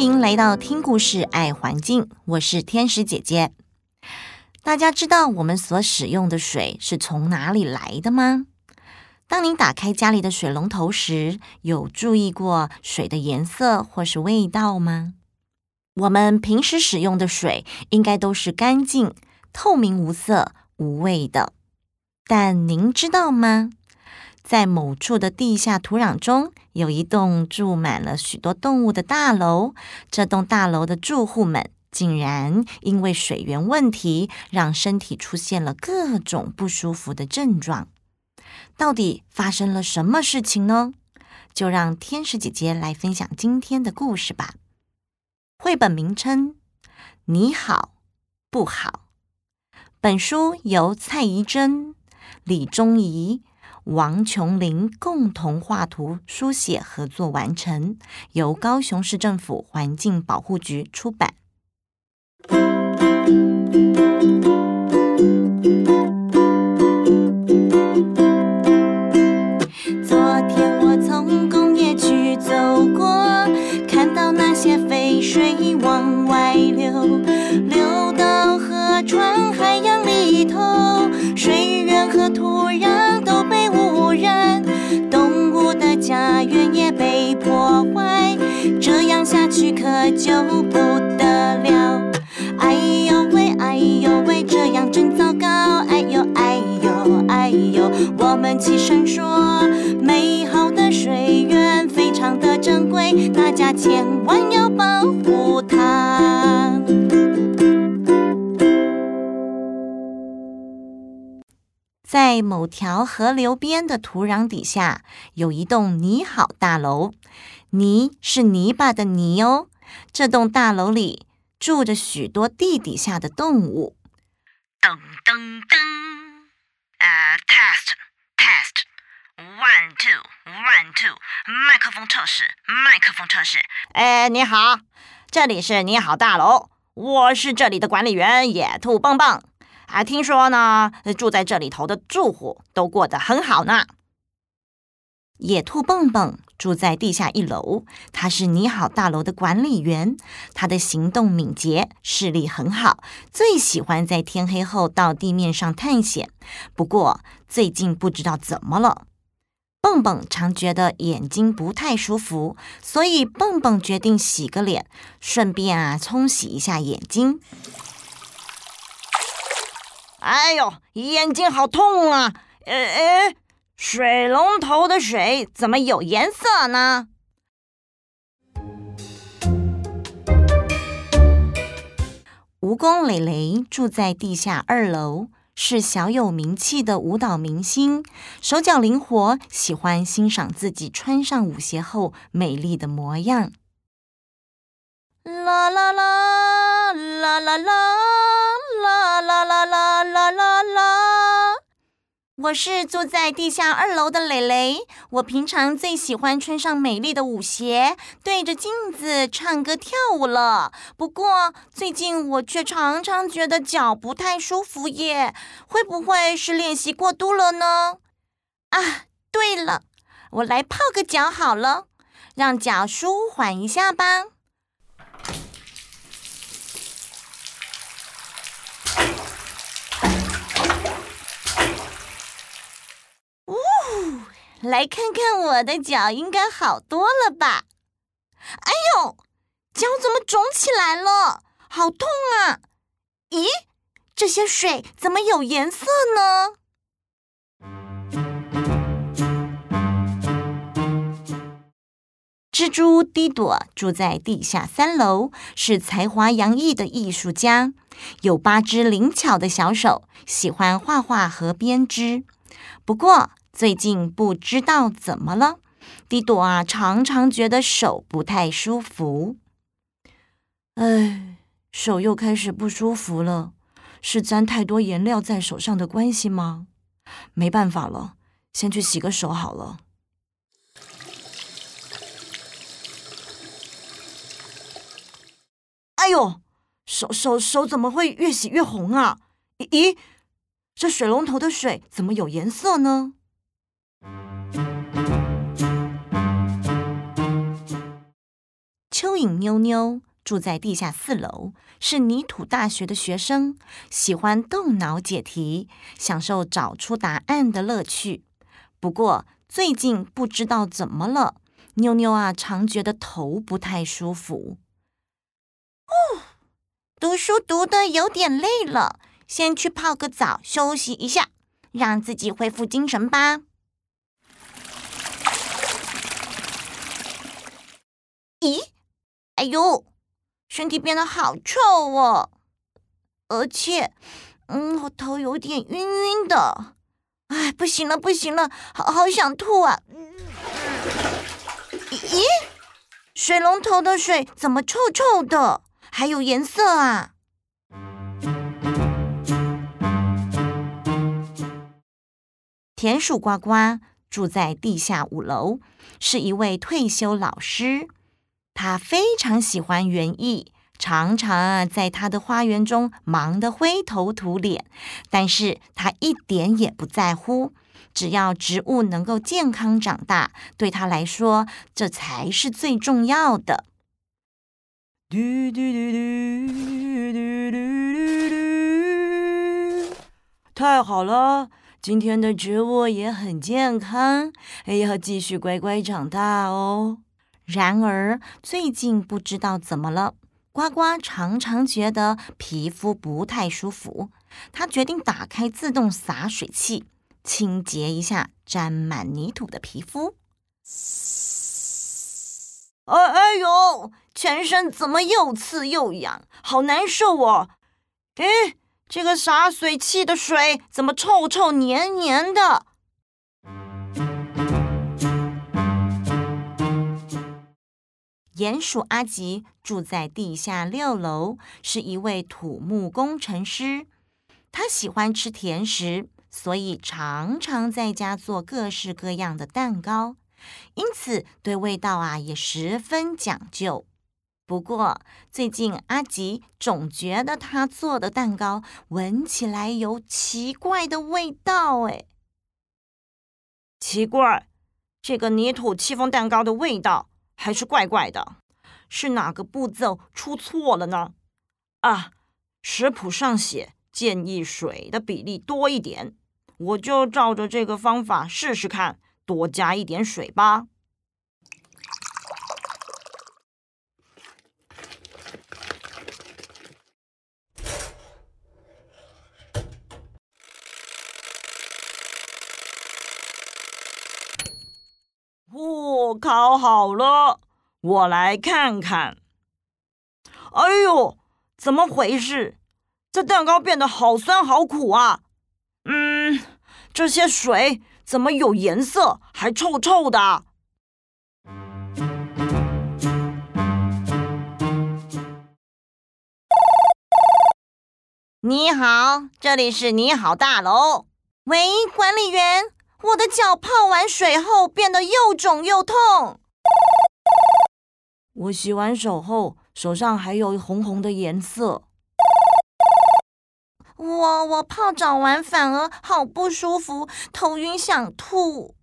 歡迎來到聽故事愛環境，我是天使姐姐。大家知道我們所使用的水是從哪裡來的嗎？當您打開家裡的水龍頭時，有注意過水的顏色或是味道嗎？我們平時使用的水應該都是乾淨、透明、無色、無味的。但您知道嗎？在某處的地下土壤中，有一棟住滿了許多動物的大樓。這棟大樓的住戶們竟然因為水源問題，讓身體出現了各種不舒服的症狀。到底發生了什麼事情呢？就讓天使姐姐來分享今天的故事吧。繪本名稱：泥好，不好。本書由蔡宜蓁、李宗怡。王瓊翎共同畫圖、書寫合作完成，由高雄市政府環境保護局出版。不得了！哎呦喂，哎呦喂，這樣真糟糕！哎呦，哎呦，哎呦，我們齊聲說：美好的水源非常的珍貴，大家千萬要保護它。在某條河流邊的土壤底下，有一棟「泥好」大樓，“泥”是泥巴的“泥”哦。這棟大樓裡住着許多地底下的動物。噔噔噔，呃，test test，one two one two，麥克風測試，麥克風測試。哎，你好，這裡是泥好大樓，我是這裡的管理員野兔蹦蹦。啊，聽說呢，住在這裡頭的住戶都過得很好呢。野兔蹦蹦住在地下一樓，他是泥好大樓的管理員。他的行動敏捷，視力很好，最喜歡在天黑後到地面上探險。不過最近不知道怎麼了，蹦蹦常覺得眼睛不太舒服，所以蹦蹦決定洗個臉，順便啊沖洗一下眼睛。哎呦，眼睛好痛啊！哎哎。水龍頭的水怎麼有顏色呢？蜈蚣蕾蕾住在地下二樓，是小有名氣的舞蹈明星，手腳靈活，喜歡欣賞自己穿上舞鞋後美麗的模樣。啦啦啦啦啦啦。啦啦啦我是住在地下二樓的蕾蕾，我平常最喜歡穿上美麗的舞鞋，對着鏡子唱歌跳舞了。不過最近我卻常常覺得腳不太舒服耶，會不會是練習過度了呢？啊，對了，我來泡個腳好了，讓腳舒緩一下吧。來看看我的腳，應該好多了吧？哎呦，腳怎麼腫起來了？好痛啊！咦，這些水怎麼有顏色呢？蜘蛛蒂朵住在地下三樓，是才華洋溢的藝術家，有八只靈巧的小手，喜歡畫畫和編織。不過，最近不知道怎麼了，迪朵啊，常常覺得手不太舒服。哎，手又開始不舒服了，是沾太多顏料在手上的關係嗎？沒辦法了，先去洗個手好了。哎呦，手手手怎麼會越洗越紅啊？咦，咦，這水龍頭的水怎麼有顏色呢？蚯蚓妞妞住在地下四樓，是泥土大學的學生，喜歡動腦解題，享受找出答案的樂趣。不過最近不知道怎麼了，妞妞啊，常覺得頭不太舒服。哦，讀書讀得有點累了，先去泡個澡休息一下，讓自己恢復精神吧。咦？哎呦，身體變得好臭哦！而且，嗯，我頭有點暈暈的。哎，不行了，不行了，好，好想吐啊。嗯！咦？水龍頭的水怎麼臭臭的？還有顏色啊！田鼠呱呱住在地下五樓，是一位退休老師。他非常喜歡園藝，常常啊，在他的花園中忙得灰頭土臉，但是他一點也不在乎，只要植物能夠健康長大，對他來說這才是最重要的。嘟嘟嘟嘟嘟嘟嘟！太好了，今天的植物也很健康，還要繼續乖乖長大哦。然而，最近不知道怎麼了，呱呱常常覺得皮膚不太舒服。他決定打開自動灑水器，清潔一下沾滿泥土的皮膚。哎哎呦！全身怎麼又刺又癢，好難受哦！哎，這個灑水器的水怎麼臭臭黏黏的？鼴鼠阿吉住在地下六樓，是一位土木工程師。他喜歡吃甜食，所以常常在家做各式各樣的蛋糕，因此對味道啊也十分講究。不過，最近阿吉總覺得他做的蛋糕聞起來有奇怪的味道，哎，奇怪，這個泥土戚風蛋糕的味道。還是怪怪的，是哪個步驟出錯了呢？啊，食譜上寫，建議水的比例多一點，我就照着這個方法試試看，多加一點水吧。烤好，好了，我來看看。哎呦，怎麼回事？這蛋糕變得好酸好苦啊！嗯，這些水怎麼有顏色，還臭臭的？你好，這裡是泥好大樓。喂，管理員。我的腳泡完水後變得又腫又痛。我洗完手後手上還有紅紅的顏色。我我泡澡完反而好不舒服，頭暈想吐。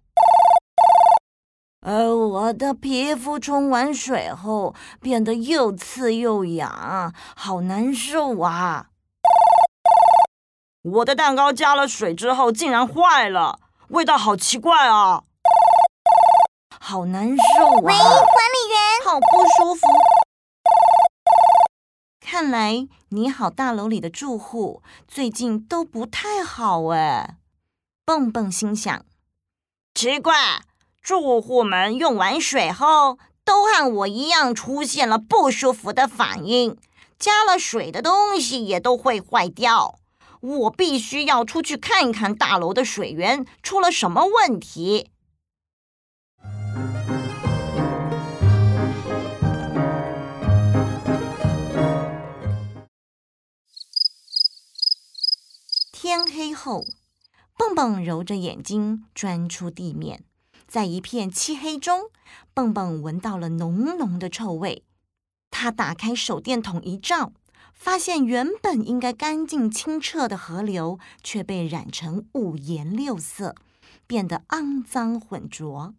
而我的皮膚沖完水後變得又刺又癢，好難受啊！我的蛋糕加了水之後竟然壞了。味道好奇怪啊，好難受啊！喂，管理員，好不舒服。看來泥好大樓裡的住戶最近都不太好誒啊。蹦蹦心想：奇怪，住戶們用完水後，都和我一樣出現了不舒服的反應，加了水的東西也都會壞掉。我必須要出去看一看大樓的水源出了什麼問題。天黑後，蹦蹦揉着眼睛鑽出地面，在一片漆黑中，蹦蹦聞到了濃濃的臭味。他打開手電筒一照，發現原本應該乾淨清澈的河流卻被染成五顏六色，變得骯髒渾濁。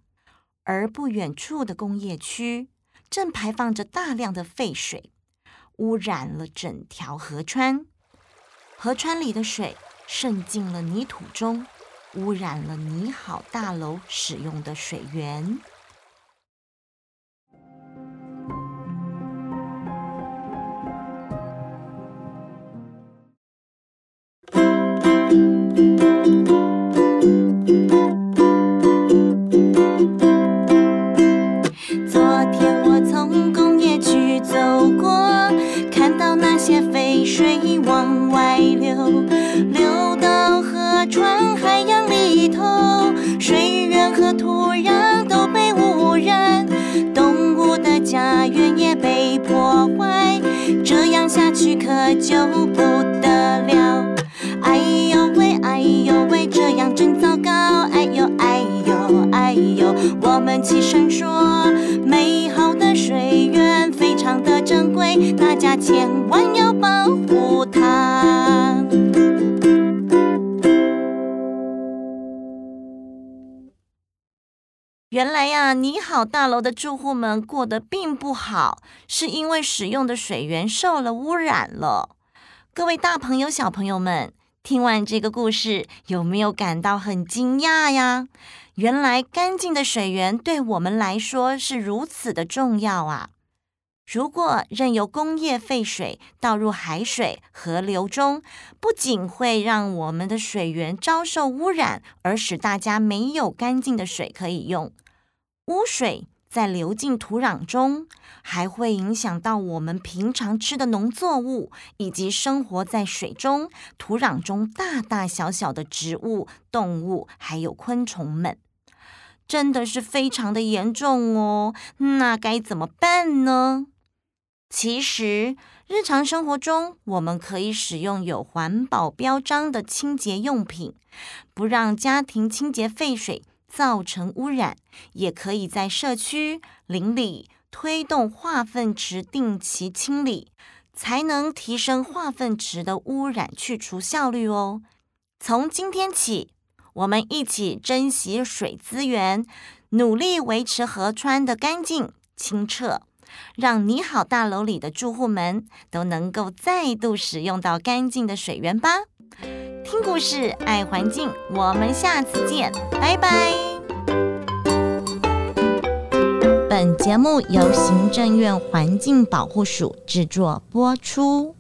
而不遠處的工業區正排放着大量的廢水，污染了整條河川。河川裡的水滲進了泥土中，污染了泥好大樓使用的水源。往外流，流到河川、海洋裡頭，水源和土壤都被污染，動物的家園也被破壞，這樣下去可就不得了。哎呦喂，哎呦喂，這樣真糟糕。哎呦，哎呦，哎呦，我們齊聲說，美好的水源非常的珍貴，大家千萬。原來呀、啊，泥好，大樓的住戶們過得並不好，是因為使用的水源受了污染了。各位大朋友、小朋友們，聽完這個故事，有沒有感到很驚訝呀？原來乾淨的水源對我們來說是如此的重要啊！如果任由工業廢水倒入海水、河流中，不僅會讓我們的水源遭受污染，而使大家沒有乾淨的水可以用。污水在流進土壤中，還會影響到我們平常吃的農作物，以及生活在水中、土壤中大大小小的植物、動物，還有昆蟲們。真的是非常的嚴重哦，那該怎麼辦呢？其實，日常生活中我們可以使用有環保標章的清潔用品，不讓家庭清潔廢水。造成污染，也可以在社區鄰里推動化糞池定期清理，才能提升化糞池的污染去除效率哦。從今天起，我們一起珍惜水資源，努力維持河川的乾淨清澈，讓泥好大樓裡的住戶們都能夠再度使用到乾淨的水源吧。聽故事，愛環境，我們下次見，拜拜。本節目由行政院環境保護署制作播出。